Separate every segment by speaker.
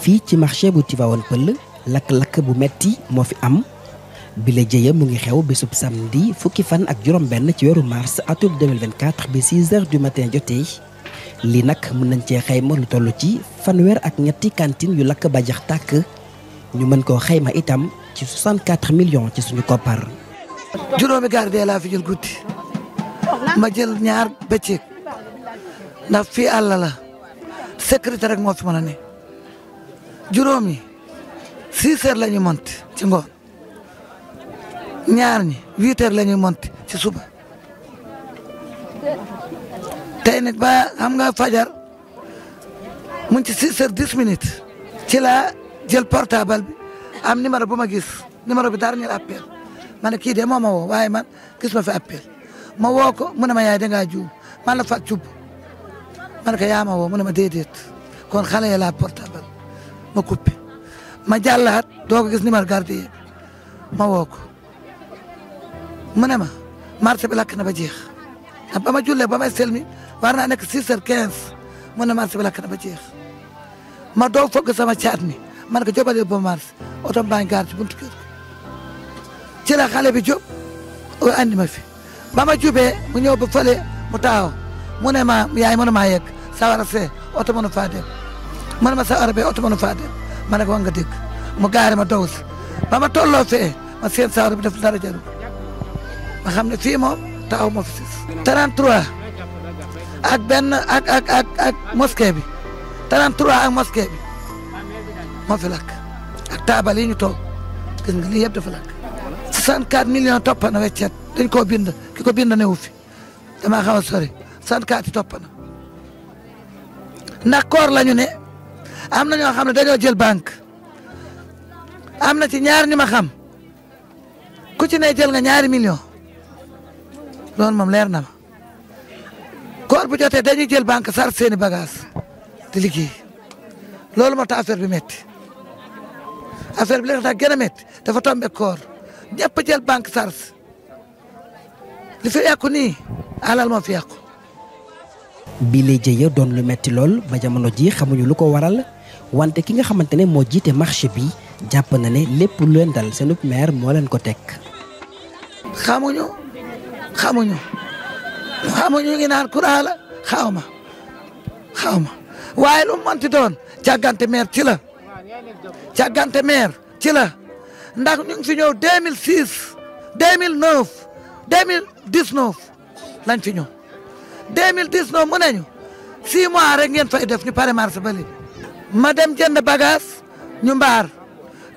Speaker 1: fii ci marché bu Tivaouane Peulh lakk-lakk bu metti moo fi am bi mu ngi xew bésub samedi fukki fan ak juróom benn ci weeru mars atum 2024 bi 6 heures du matin jotee lii nag mën nañ cee xayma lu toll ci fanweer ak ñetti cantine yu lakk ba jax tàkk ñu mën koo xayma itam ci 64 millions ci suñu koppar.
Speaker 2: ma jël ñaar bëccëg nda fii àll la sécurité rek moo fi mën a ne juróom ñi six heures la ñuy monti ci ngoon ñaar ñi huit heures la ñuy monti ci suba tey nag ba xam nga fajar mu ci six heures dix ci la jël portable bi am numéro bu ma gis numéro bi dara ñu appel ma ne kii de moo ma woo waaye man gis ma fi appel ma woo ko mu ne ma yaay dangaa juum man la fat cubb ma ne ko yaa woo mu ne ma déedéet kon xale ya laa portable ma coupé ma jàllaat doo ko gis numéro gardien ma woo ko mu ne ma marché bi lakk na ba jeex ndax ba ma jullee ba ma selmi war naa nekk six heures quinze mu ne marché bi lakk ba jeex ma doo fogg sama caat mi ma ne ko jobal yóbbu ma marché oto mbaa ngi ci buntu kër ci la xale bi jóg andi ma fi ba ma jubee mu ñëw ba fële mu taxaw mu ne ma yaay mënu maa yegg sawara see oto mënu faa dem mu ma sawara bee oto mënu faa dem ma ne ko wax nga dégg mu gaare ma dow ba ma tolloo fee ma seen sawara bi def dara jarul ma xam ne fii moom taxaw ma fi sis 33 ak benn ak ak ak ak fi lakk ak taabal yi ñu toog gis nga lii yëpp dafa lakk 64 millions toppa na weccet dañ koo bind ki ko bind newu fi damaa xaw a sori sànqaati topp na koor la ñu ne am na ñoo xam ne dañoo jël banque am na ci ñaar ñu ma xam ku ci ne jël nga ñaari million loolu moom leer na ma koor bu jotee dañuy jël banque sar seeni bagage di liggéey loolu moo tax affaire bi métti affaire bi li tax gën a métti dafa tombé koor ñëpp jël banque sars li fi yàqu nii alal moo fi yàqu.
Speaker 1: bi lay jëye doon lu metti lool ba jamono ji xamuñu lu ko waral wante ki nga xamante ne moo jiite marché bi jàpp na ne lépp lu leen dal seenub maire moo leen ko teg.
Speaker 2: xamuñu xamuñu xamuñu ngi naan courant la xaw waaye lu mu mënti doon càggante maire ci la càggante maire ci la ndax ñu ngi fi ñëw 2019 lañ fi ñëw 2019 mu ne ñu 6 mois rek ngeen fay def ñu pare mars ba léegi ma dem jënd bagage ñu mbaar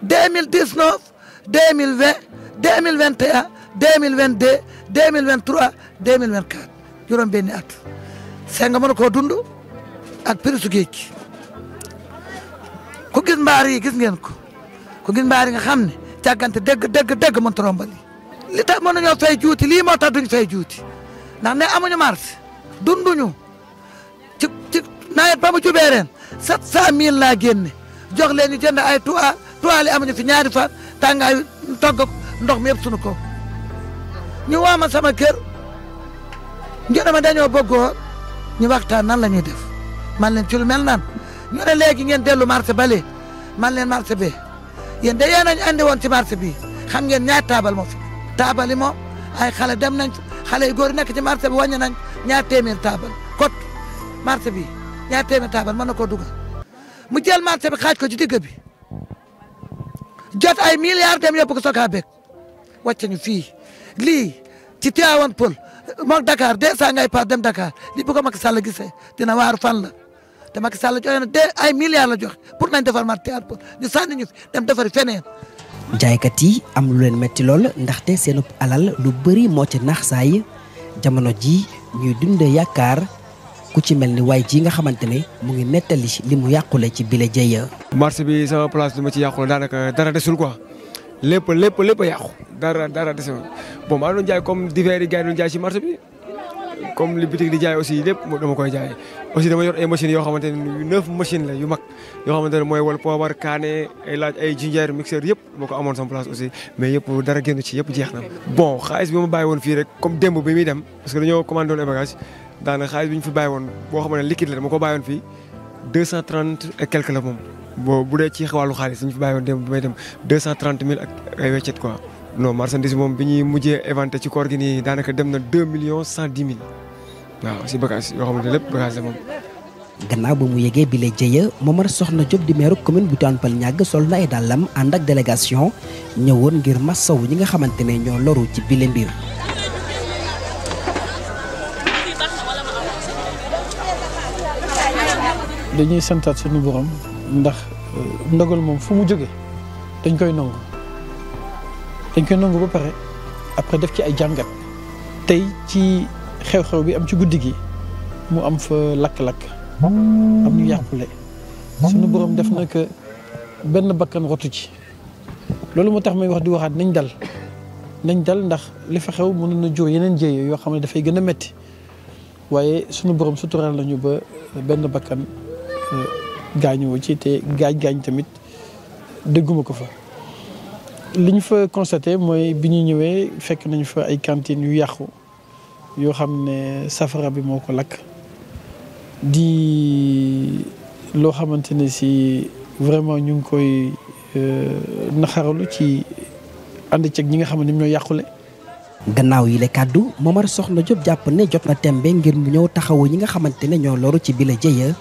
Speaker 2: 2019 2020 2021 2022 2023 2024 juróom benni at seen nga mën koo dund ak prix su géej gi ku gis mbaar yi gis ngeen ko ku gis mbaar yi nga xam ne càggante dëgg dëgg dëgg mënut a rombali li tax mënuñoo fay juuti lii moo tax duñ fay juuti ndax ne amuñu marché dunduñu ci ci nawet ba mu jubee ren sept cent mille laa génne jox leen ñi jënd ay tuwa tuwaale amuñu fi ñaari fa tàngaayu togg ndox mi yëpp sunu ko ñu woo sama kër ñu ne ma dañoo bëggoo ñu waxtaan nan la ñuy def man leen ci lu mel nan ñu ne léegi ngeen dellu marché bale man leen marché bee yéen de yéen a ñu woon ci marché bii xam ngeen ñaari taabal fi taabal yi moom ay xale dem nañ xale yu góor yi nekk ci marché bi nañ ñaar téeméer taabal kot marché bi ñaar téeméer taabal mën na ko dugal mu jël marché bi xaaj ko ci digg bi jot ay milliards dem yóbbu ko sokaa beeg wàcce ñu fii lii ci Tivaouane Peulh moom dakaar deux cent ngay par dem Dakar li bu ko Macky Sall gisee dina waaru fan la te Macky Sall joxe na de ay milliards la joxe pour nañ defar marché Tivaouane Peulh ñu sànni ñu dem defari feneen
Speaker 1: jaaykat yi am lu leen metti lool ndaxte seenub alal lu bëri moo ci nax saay jamono ji ñuy dunde yaakaar ku ci mel ni waay ji nga xamante ne mu ngi nettali li mu yàqule ci bile jëya
Speaker 3: marché bi sama place du ma ci yàqule daanaka dara desul quoi lépp lépp lépp a yàqu dara dara desul bon maa doon jaay comme divers yi gars jaay si marché bi comme li bitig di jaay aussi lépp dama koy jaay aussi dama yor ay machines yoo xamante ne neuf machines la yu mag yoo xamante mooy wal poobar kaane ay laaj ay jinjeer mixeur yëpp moo ko amoon sama place aussi mais yëpp dara génn ci yëpp jeex na bon xaalis bi ma bàyyi woon fii rek comme démb bi muy dem parce que dañoo commandé woon ay bagage daanaka xaalis bi ñu fi bàyyi woon boo xam liquide la dama ko bàyyi woon fii deux cent trente bu dee ci wàllu xaalis bi fi bàyyi woon démb bi deux cent trente mille ak non marchandise moom bi ñuy mujjee éventé ci koor gi nii daanaka dem na deux millions cent dix mille waaw si bagage yoo xamante ne lépp bagage la moom.
Speaker 1: gannaaw ba mu yegee bi la jëya Momar Soxna Diop di maire commune bu Tivaouane Peulh Niaga sol na ay dàllam ànd ak délégation ñëwoon ngir masow ñi nga xamante ne ñoo loru ci bile mbir.
Speaker 4: dañuy santaat suñu borom ndax euh, ndogal moom fu mu jógee dañ koy nangu. dañ koy nangu ba pare après def ci ay jàngat tey ci xew-xew bi am ci guddi gi mu am fa lakk-lakk am ñu yàqule suñu borom def na que benn bakkan rotu ci loolu moo tax may wax di waxaat nañ dal nañ dal ndax li fa xew mën na jur yeneen jéeyo yoo xam ne dafay gën a metti waaye suñu borom suturaal nañu ba benn bakkan euh, gaañoo ci te gaañ-gaañ tamit dégguma ko fa li ñu fa constaté mooy bi ñu ñëwee fekk nañu fa ay cantines yu yàqu yoo xam ne safara bi moo ko lakk di loo xamante ne si vraiment ñu ngi koy euh, naxaralu ci ànd ceeg ñi nga xam ne ñoo yàqule.
Speaker 1: gannaaw yi la kàddu Momar Soxna Diop jàpp ne jot na tembe ngir mu ñëw taxawu ñi nga xamante ne ñoo loolu ci bile jëya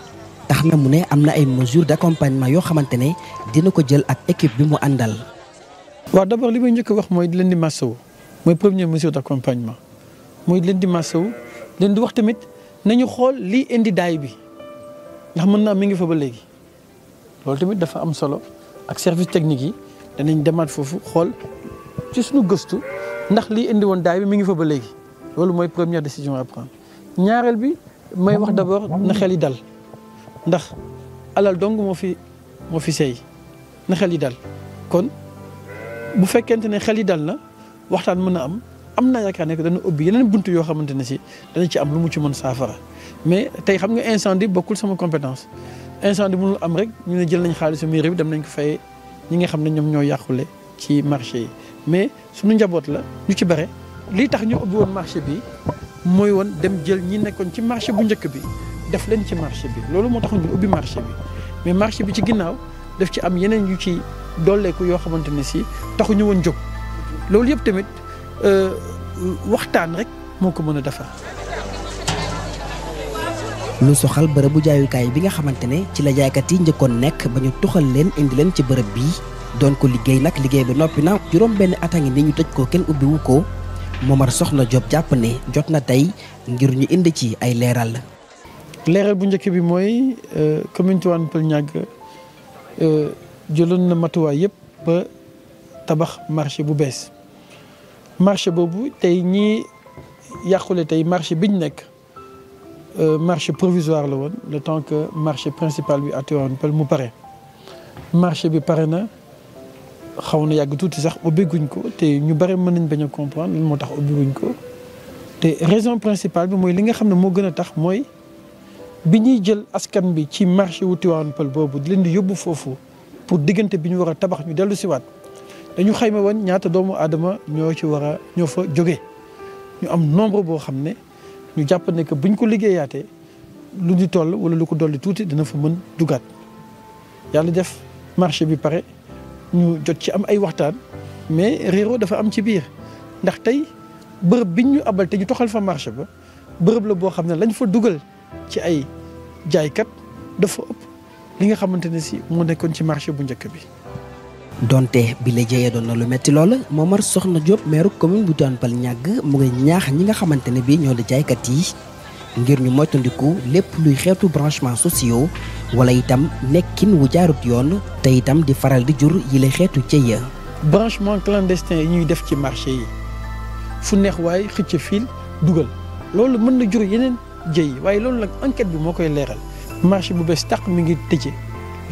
Speaker 1: tax na mu ne am na ay mesures d'accompagnement yoo xamante ne dina ko jël ak équipe bi mu àndal.
Speaker 4: waaw d' abord li may njëkk wax mooy di leen di masawu mooy première mesure d' accompagnement mooy leen di masawu leen di wax tamit nañu xool lii indi daay bi ndax mën naa mi ngi fa ba léegi loolu tamit dafa am solo ak service technique yi danañ demaat foofu xool ci suñu gëstu ndax lii indi woon daay bi mi ngi fa ba léegi loolu mooy première décision à prendre ñaareel bi may wax d' abord na xel yi dal ndax alal dong moo fi moo fi sey na xel yi dal kon. bu fekkente ne xel yi dal na waxtaan mën a am am naa yaakaar nekk dana ubbi yeneen bunt yoo xamante ne si dana ci am lu mu ci mën saafara mais tey xam nga incendie bokkul sama compétence incendie mënul am rek ñu ne jël nañ xaalisu mairie bi dem nañ ko fay ñi nga xam ne ñoom ñoo yàqule ci marché yi mais suñu njaboot la ñu ci bare li tax ñu ubbi woon marché bi mooy woon dem jël ñi nekkoon ci marché bu njëkk bi def leen ci marché bi loolu moo tax ñu ubbi marché mais marché bi ci ginnaaw daf ci am yeneen yu ci dolleeku yoo xamante ne si taxuñu woon jóg loolu yëpp tamit euh, waxtaan rek moo ko mën a defar.
Speaker 1: lu soxal bërëb bu jaayukaay bi nga xamante ne ci la jaaykat yi njëkkoon nekk ba ñu tuxal leen indi leen ci bërëb bi doon ko liggéey nag liggéey bi noppi na juróom benn at a ngi ni ñu tëj ko kenn ubbiwu ko Momar Soxna Diop jàpp ne jot na tey ngir ñu indi ci ay leeral.
Speaker 4: leeral bu njëkk bi mooy euh, commune Tivaouane Peulh Euh, jëloon na matuwaay yëpp ba tabax marché bu bees marché boobu tey ñi yàqule tey marché bi ñu nekk euh, marché provisoire la woon le temps que marché principal bi à Tivaouane Peulh mu pare marché bi pare na xaw na yàgg tuuti sax ubbiguñ ko te ñu bare mën nañ bañ a comprendre lan moo tax ubbiguñ ko te raison principal bi mooy li nga xam ne moo gën a tax mooy bi ñuy jël askan bi ci marché wu Tivaouane boobu di leen di yóbbu foofu pour diggante bi ñu war a tabax ñu dellu siwaat dañu xayma wan ñaata doomu aadama ñoo ci war a ñoo fa jóge ñu am nombre boo xam ne ñu jàpp ne que buñ ko liggéeyaatee lu ñu toll wala lu ko dolli tuuti dina fa mën dugaat yàlla def marché bi pare ñu jot ci am ay waxtaan mais réero dafa am ci biir ndax tey bërëb biñ ñu abal te ñu toxal fa marché ba bërëb la boo xam ne lañu fa dugal ci ay jaaykat dafa ëpp li nga xamante ne si moo nekkoon ci marché bu njëkk bi.
Speaker 1: donte bi la jëyee doon na lu metti lool Momar Soxna Diop meeru commune bu Tivaouane-Peulh ñàgg mu ngi ñaax ñi nga xamante ne bii ñoo di jaaykat yi ngir ñu moytandiku lépp luy xeetu branchement sociaux wala itam nekkin wu jaarut yoon te itam di faral di jur yi la xeetu jëya.
Speaker 4: branchement clandestin yi ñuy def ci marché yi fu neex waay xëcc fiil dugal loolu mën na jur yeneen. jëy waaye loolu nag enquête bi moo koy leeral marché bu bees tàq mu ngi tëjee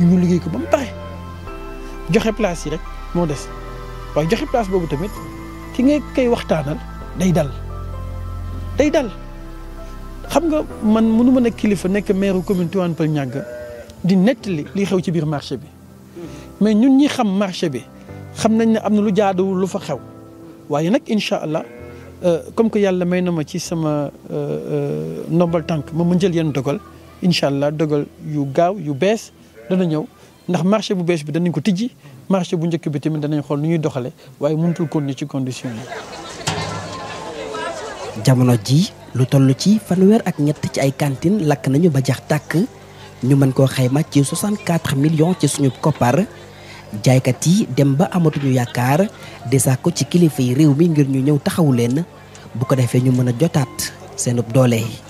Speaker 4: ñu liggéey ko ba mu pare joxe place yi rek moo des waaye joxe place boobu tamit ki nga koy waxtaanal day dal day dal xam nga man mënu ma nekk kilifa nekk maire commune Tivaouane Peulh Niaga di nettali li xew ci biir marché bi mais ñun ñi xam marché bi xam nañ ne am na lu jaaduwul lu fa xew waaye nag incha allah. Euh, comme que yàlla may na ma ci sama euh, euh, ndombal tànk ma mën jël yenn dogal incha allah dogal yu gaaw yu bees dana ñëw ndax marché bu bees bi danañ ko tijji marché bu njëkk bi tamit danañ xool nu ñuy doxale waaye mënutul continuer ci condition yi.
Speaker 1: jamono ji lu toll ci fanweer ak ñett ci ay cantine lakk nañu ba jax tàkk ñu mën koo xayma ci 64 millions ci suñu koppar. jaaykat yi dem ba amatuñu yaakaar di sàkku ci kilifa yi réew mi ngir ñu ñëw taxawu leen bu ko defee ñu mën a jotaat seenub doole